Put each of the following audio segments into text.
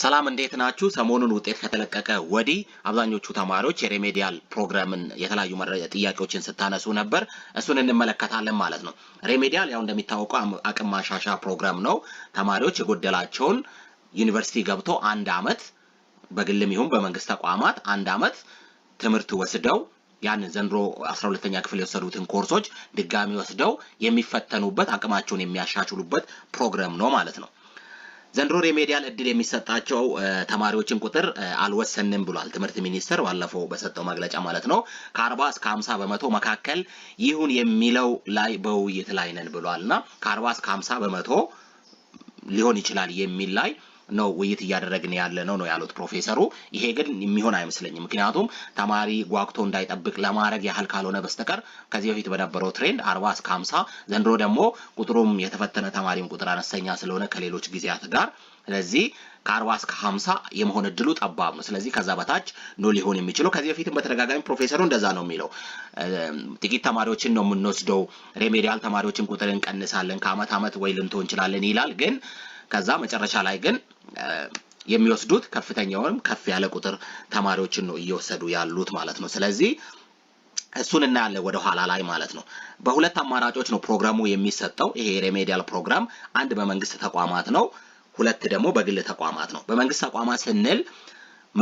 ሰላም እንዴት ናችሁ? ሰሞኑን ውጤት ከተለቀቀ ወዲህ አብዛኞቹ ተማሪዎች የሬሜዲያል ፕሮግራምን የተለያዩ ጥያቄዎችን ስታነሱ ነበር። እሱን እንመለከታለን ማለት ነው። ሬሜዲያል ያው እንደሚታወቀው አቅም ማሻሻ ፕሮግራም ነው። ተማሪዎች የጎደላቸውን ዩኒቨርሲቲ ገብቶ አንድ አመት በግልም ይሁን በመንግስት ተቋማት አንድ አመት ትምህርት ወስደው ያን ዘንድሮ አስራ ሁለተኛ ክፍል የወሰዱትን ኮርሶች ድጋሚ ወስደው የሚፈተኑበት አቅማቸውን የሚያሻሽሉበት ፕሮግራም ነው ማለት ነው። ዘንድሮ ሪሜዲያል እድል የሚሰጣቸው ተማሪዎችን ቁጥር አልወሰንም ብሏል ትምህርት ሚኒስቴር ባለፈው በሰጠው መግለጫ ማለት ነው። ከአርባ እስከ ሀምሳ በመቶ መካከል ይሁን የሚለው ላይ በውይይት ላይ ነን ብሏል እና ከአርባ እስከ ሀምሳ በመቶ ሊሆን ይችላል የሚል ላይ ነው ውይይት እያደረግን ያለ ነው ነው ያሉት ፕሮፌሰሩ። ይሄ ግን የሚሆን አይመስለኝም። ምክንያቱም ተማሪ ጓግቶ እንዳይጠብቅ ለማድረግ ያህል ካልሆነ በስተቀር ከዚህ በፊት በነበረው ትሬንድ አርባ እስከ ሀምሳ ዘንድሮ ደግሞ ቁጥሩም የተፈተነ ተማሪም ቁጥር አነስተኛ ስለሆነ ከሌሎች ጊዜያት ጋር ስለዚህ ከአርባ እስከ ሀምሳ የመሆን እድሉ ጠባብ ነው። ስለዚህ ከዛ በታች ነው ሊሆን የሚችለው። ከዚህ በፊትም በተደጋጋሚ ፕሮፌሰሩ እንደዛ ነው የሚለው። ጥቂት ተማሪዎችን ነው የምንወስደው፣ ሬሜዲያል ተማሪዎችን ቁጥር እንቀንሳለን፣ ከአመት አመት ወይ ልንቶ እንችላለን ይላል። ግን ከዛ መጨረሻ ላይ ግን የሚወስዱት ከፍተኛውንም ከፍ ያለ ቁጥር ተማሪዎችን ነው እየወሰዱ ያሉት ማለት ነው። ስለዚህ እሱን እናያለን ወደ ኋላ ላይ ማለት ነው። በሁለት አማራጮች ነው ፕሮግራሙ የሚሰጠው። ይሄ ሬሜዲያል ፕሮግራም አንድ በመንግስት ተቋማት ነው፣ ሁለት ደግሞ በግል ተቋማት ነው። በመንግስት ተቋማት ስንል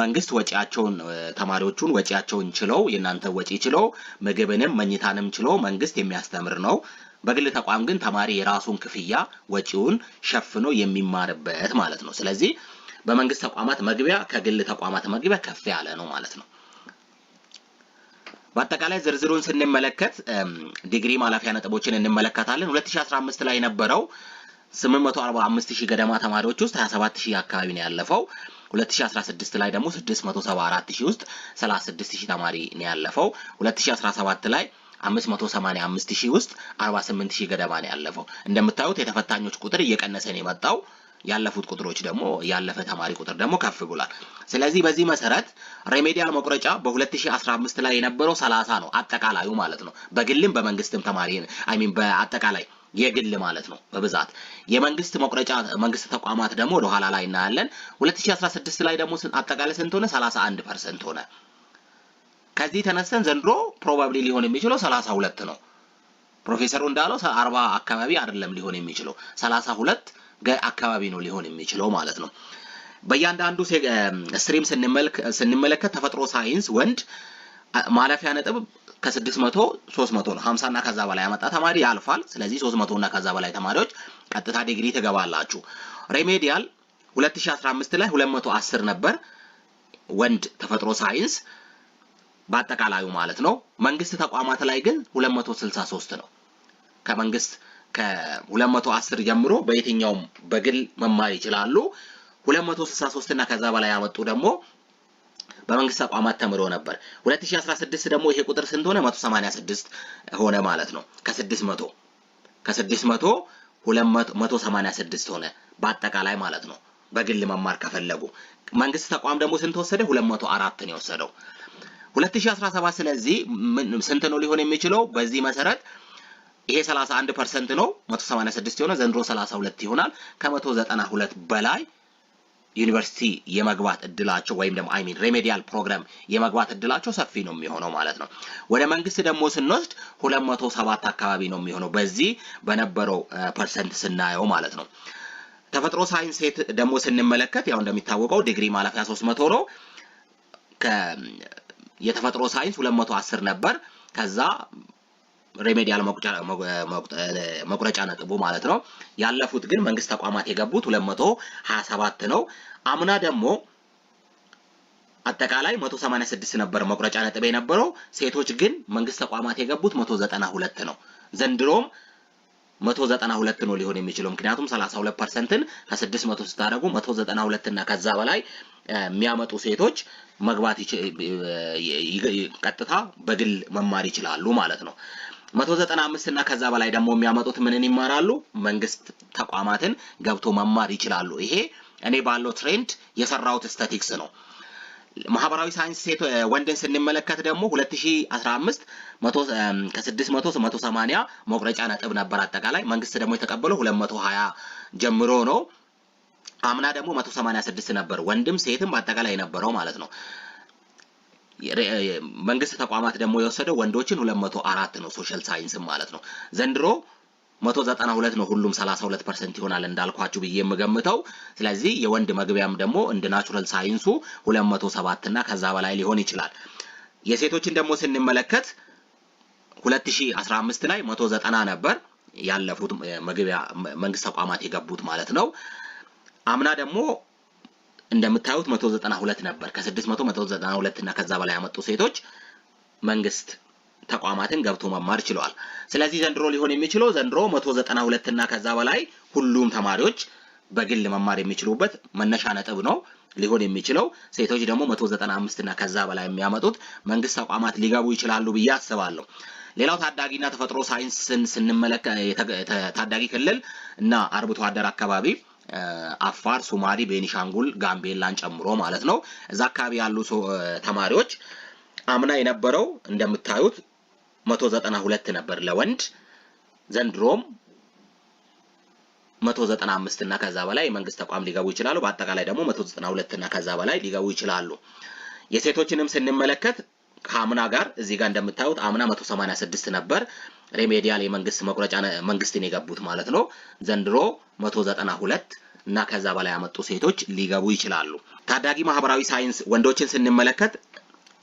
መንግስት ወጪያቸውን ተማሪዎቹን ወጪያቸውን ችለው የእናንተ ወጪ ችለው ምግብንም መኝታንም ችለው መንግስት የሚያስተምር ነው። በግል ተቋም ግን ተማሪ የራሱን ክፍያ ወጪውን ሸፍኖ የሚማርበት ማለት ነው። ስለዚህ በመንግስት ተቋማት መግቢያ ከግል ተቋማት መግቢያ ከፍ ያለ ነው ማለት ነው። በአጠቃላይ ዝርዝሩን ስንመለከት ዲግሪ ማለፊያ ነጥቦችን እንመለከታለን። 2015 ላይ የነበረው 845 ሺህ ገደማ ተማሪዎች ውስጥ 27 ሺህ አካባቢ ነው ያለፈው። 2016 ላይ ደግሞ 674 ሺህ ውስጥ 36 ተማሪ ነው ያለፈው። 2017 ላይ 585 ሺህ ውስጥ 48 ሺህ ገደማ ነው ያለፈው። እንደምታዩት የተፈታኞች ቁጥር እየቀነሰ ነው የመጣው። ያለፉት ቁጥሮች ደግሞ ያለፈ ተማሪ ቁጥር ደግሞ ከፍ ብሏል። ስለዚህ በዚህ መሰረት ሬሜዲያል መቁረጫ በ2015 ላይ የነበረው 30 ነው አጠቃላዩ ማለት ነው። በግልም በመንግስትም ተማሪ አይ ሚን በአጠቃላይ የግል ማለት ነው በብዛት የመንግስት መቁረጫ መንግስት ተቋማት ደግሞ ወደኋላ ላይ እናያለን። 2016 ላይ ደግሞ አጠቃላይ ስንት ሆነ? 31 ፐርሰንት ሆነ። ከዚህ ተነስተን ዘንድሮ ፕሮባብሊ ሊሆን የሚችለው ሰላሳ ሁለት ነው። ፕሮፌሰሩ እንዳለው አርባ አካባቢ አይደለም ሊሆን የሚችለው ሰላሳ ሁለት አካባቢ ነው ሊሆን የሚችለው ማለት ነው። በእያንዳንዱ ስትሪም ስንመለከት ተፈጥሮ ሳይንስ ወንድ ማለፊያ ነጥብ ከ600 300 ነው። 50 እና ከዛ በላይ ያመጣ ተማሪ ያልፋል። ስለዚህ 300 እና ከዛ በላይ ተማሪዎች ቀጥታ ዲግሪ ትገባላችሁ። ሬሜዲያል 2015 ላይ 210 ነበር ወንድ ተፈጥሮ ሳይንስ በአጠቃላዩ ማለት ነው። መንግስት ተቋማት ላይ ግን 263 ነው። ከመንግስት ከ210 ጀምሮ በየትኛውም በግል መማር ይችላሉ። 263 እና ከዛ በላይ ያመጡ ደግሞ በመንግስት ተቋማት ተምሮ ነበር። 2016 ደግሞ ይሄ ቁጥር ስንት ሆነ? 186 ሆነ ማለት ነው። ከ600 ከ600 286 ሆነ በአጠቃላይ ማለት ነው። በግል መማር ከፈለጉ መንግስት ተቋም ደግሞ ስንት ወሰደ? 204 ነው የወሰደው። 2017 ስለዚህ ስንት ነው ሊሆን የሚችለው? በዚህ መሰረት ይሄ 31 ፐርሰንት ነው 186 የሆነ ዘንድሮ 32 ይሆናል። ከ192 በላይ ዩኒቨርሲቲ የመግባት እድላቸው ወይም ደግሞ አይሚን ሬሜዲያል ፕሮግራም የመግባት እድላቸው ሰፊ ነው የሚሆነው ማለት ነው። ወደ መንግስት ደግሞ ስንወስድ 207 አካባቢ ነው የሚሆነው በዚህ በነበረው ፐርሰንት ስናየው ማለት ነው። ተፈጥሮ ሳይንስ ደግሞ ስንመለከት ያው እንደሚታወቀው ዲግሪ ማለፊያ 300 ነው። የተፈጥሮ ሳይንስ 210 ነበር። ከዛ ሬሜዲያል መቁረጫ ነጥቡ ማለት ነው። ያለፉት ግን መንግስት ተቋማት የገቡት 227 ነው። አምና ደግሞ አጠቃላይ 186 ነበር መቁረጫ ነጥብ የነበረው። ሴቶች ግን መንግስት ተቋማት የገቡት 192 ነው። ዘንድሮም 192 ነው ሊሆን የሚችለው ምክንያቱም 32 ፐርሰንትን ከ600 ስታደርጉ 192 እና ከዛ በላይ የሚያመጡ ሴቶች መግባት ቀጥታ በግል መማር ይችላሉ ማለት ነው። መቶ ዘጠና አምስት እና ከዛ በላይ ደግሞ የሚያመጡት ምንን ይማራሉ? መንግስት ተቋማትን ገብቶ መማር ይችላሉ። ይሄ እኔ ባለው ትሬንድ የሰራሁት ስታቲክስ ነው። ማህበራዊ ሳይንስ ሴት ወንድን ስንመለከት ደግሞ 2015 ከ600 180 መቁረጫ ነጥብ ነበር አጠቃላይ መንግስት ደግሞ የተቀበለው 220 ጀምሮ ነው። አምና ደግሞ 186 ነበር። ወንድም ሴትም አጠቃላይ የነበረው ማለት ነው። መንግስት ተቋማት ደግሞ የወሰደው ወንዶችን 204 ነው፣ ሶሻል ሳይንስም ማለት ነው። ዘንድሮ 192 ነው። ሁሉም 32 ፐርሰንት ይሆናል እንዳልኳችሁ ብዬ የምገምተው። ስለዚህ የወንድ መግቢያም ደግሞ እንደ ናቹራል ሳይንሱ 207 እና ከዛ በላይ ሊሆን ይችላል። የሴቶችን ደግሞ ስንመለከት 2015 ላይ 190 ነበር ያለፉት መግቢያ መንግስት ተቋማት የገቡት ማለት ነው። አምና ደግሞ እንደምታዩት 192 ነበር። ከ600 192 እና ከዛ በላይ ያመጡ ሴቶች መንግስት ተቋማትን ገብቶ መማር ችለዋል። ስለዚህ ዘንድሮ ሊሆን የሚችለው ዘንድሮ 192 እና ከዛ በላይ ሁሉም ተማሪዎች በግል መማር የሚችሉበት መነሻ ነጥብ ነው ሊሆን የሚችለው። ሴቶች ደግሞ 195 እና ከዛ በላይ የሚያመጡት መንግስት ተቋማት ሊገቡ ይችላሉ ብዬ አስባለሁ። ሌላው ታዳጊና ተፈጥሮ ሳይንስን ስንመለከት ታዳጊ ክልል እና አርብቶ አደር አካባቢ አፋር፣ ሱማሌ፣ ቤኒሻንጉል፣ ጋምቤላን ጨምሮ ማለት ነው። እዛ አካባቢ ያሉ ተማሪዎች አምና የነበረው እንደምታዩት 192 ነበር ለወንድ ዘንድሮም 195 እና ከዛ በላይ የመንግስት ተቋም ሊገቡ ይችላሉ። በአጠቃላይ ደግሞ 192 እና ከዛ በላይ ሊገቡ ይችላሉ። የሴቶችንም ስንመለከት ከአምና ጋር እዚህ ጋር እንደምታዩት አምና 186 ነበር። ሬሜዲያል የመንግስት መቁረጫ መንግስትን የገቡት ማለት ነው። ዘንድሮ መቶ ዘጠና ሁለት እና ከዛ በላይ ያመጡ ሴቶች ሊገቡ ይችላሉ። ታዳጊ ማህበራዊ ሳይንስ ወንዶችን ስንመለከት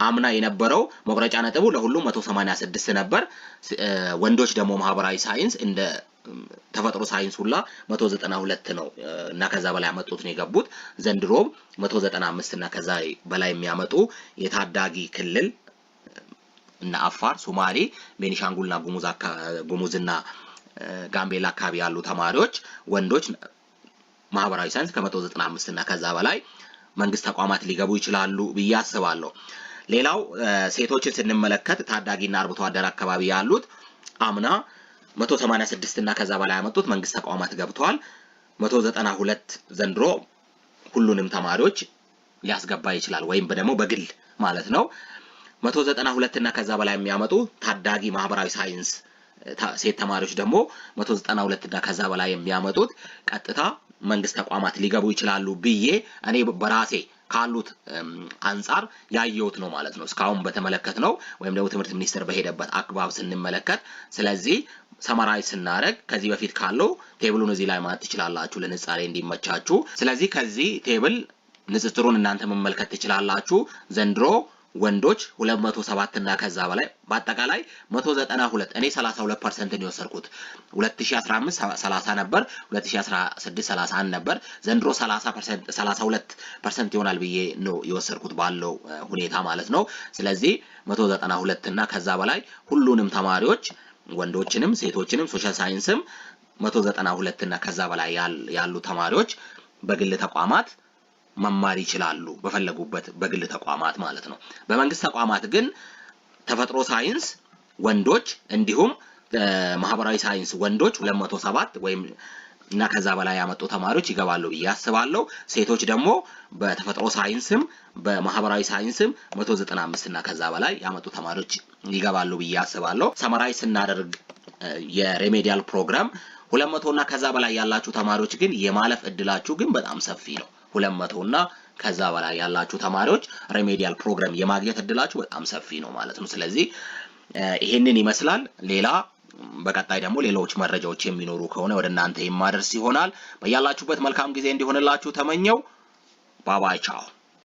አምና የነበረው መቁረጫ ነጥቡ ለሁሉም 186 ነበር። ወንዶች ደግሞ ማህበራዊ ሳይንስ እንደ ተፈጥሮ ሳይንስ ሁላ 192 ነው እና ከዛ በላይ ያመጡት ነው የገቡት። ዘንድሮም 195 እና ከዛ በላይ የሚያመጡ የታዳጊ ክልል እና አፋር፣ ሶማሌ፣ ቤኒሻንጉልና ጉሙዝና ጋምቤላ አካባቢ ያሉ ተማሪዎች ወንዶች ማህበራዊ ሳይንስ ከመቶ 195 እና ከዛ በላይ መንግስት ተቋማት ሊገቡ ይችላሉ ብዬ አስባለሁ። ሌላው ሴቶችን ስንመለከት ታዳጊና አርብቶ አደር አካባቢ ያሉት አምና 186 እና ከዛ በላይ ያመጡት መንግስት ተቋማት ገብተዋል። 192 ዘንድሮ ሁሉንም ተማሪዎች ሊያስገባ ይችላል ወይም ደግሞ በግል ማለት ነው። መቶ ዘጠና ሁለት እና ከዛ በላይ የሚያመጡ ታዳጊ ማህበራዊ ሳይንስ ሴት ተማሪዎች ደግሞ መቶ ዘጠና ሁለት እና ከዛ በላይ የሚያመጡት ቀጥታ መንግስት ተቋማት ሊገቡ ይችላሉ ብዬ እኔ በራሴ ካሉት አንጻር ያየሁት ነው ማለት ነው። እስካሁን በተመለከት ነው ወይም ደግሞ ትምህርት ሚኒስቴር በሄደበት አግባብ ስንመለከት፣ ስለዚህ ሰመራዊ ስናደርግ ከዚህ በፊት ካለው ቴብሉን እዚህ ላይ ማለት ትችላላችሁ ለንጻሬ እንዲመቻችሁ። ስለዚህ ከዚህ ቴብል ንጽጽሩን እናንተ መመልከት ትችላላችሁ ዘንድሮ ወንዶች 207 እና ከዛ በላይ በአጠቃላይ 192 እኔ 32 ፐርሰንት ነው የወሰድኩት። 2015 30 ነበር፣ 2016 31 ነበር። ዘንድሮ 30 ፐርሰንት 32 ፐርሰንት ይሆናል ብዬ ነው የወሰድኩት ባለው ሁኔታ ማለት ነው። ስለዚህ 192 እና ከዛ በላይ ሁሉንም ተማሪዎች ወንዶችንም ሴቶችንም ሶሻል ሳይንስም 192 እና ከዛ በላይ ያሉ ተማሪዎች በግል ተቋማት መማር ይችላሉ፣ በፈለጉበት በግል ተቋማት ማለት ነው። በመንግስት ተቋማት ግን ተፈጥሮ ሳይንስ ወንዶች እንዲሁም ማህበራዊ ሳይንስ ወንዶች 207 ወይም እና ከዛ በላይ ያመጡ ተማሪዎች ይገባሉ ብዬ አስባለሁ። ሴቶች ደግሞ በተፈጥሮ ሳይንስም በማህበራዊ ሳይንስም 195 እና ከዛ በላይ ያመጡ ተማሪዎች ይገባሉ ብዬ አስባለሁ። ሰመራይ ስናደርግ የሬሜዲያል ፕሮግራም 200 እና ከዛ በላይ ያላችሁ ተማሪዎች ግን የማለፍ እድላችሁ ግን በጣም ሰፊ ነው። ሁለት እና ከዛ በላይ ያላችሁ ተማሪዎች ሪሜዲያል ፕሮግራም የማግኘት እድላችሁ በጣም ሰፊ ነው ማለት ነው። ስለዚህ ይሄንን ይመስላል። ሌላ በቀጣይ ደግሞ ሌሎች መረጃዎች የሚኖሩ ከሆነ ወደ እናንተ የማደርስ ይሆናል። በያላችሁበት መልካም ጊዜ እንዲሆንላችሁ ተመኘው። ባባይ ቻው።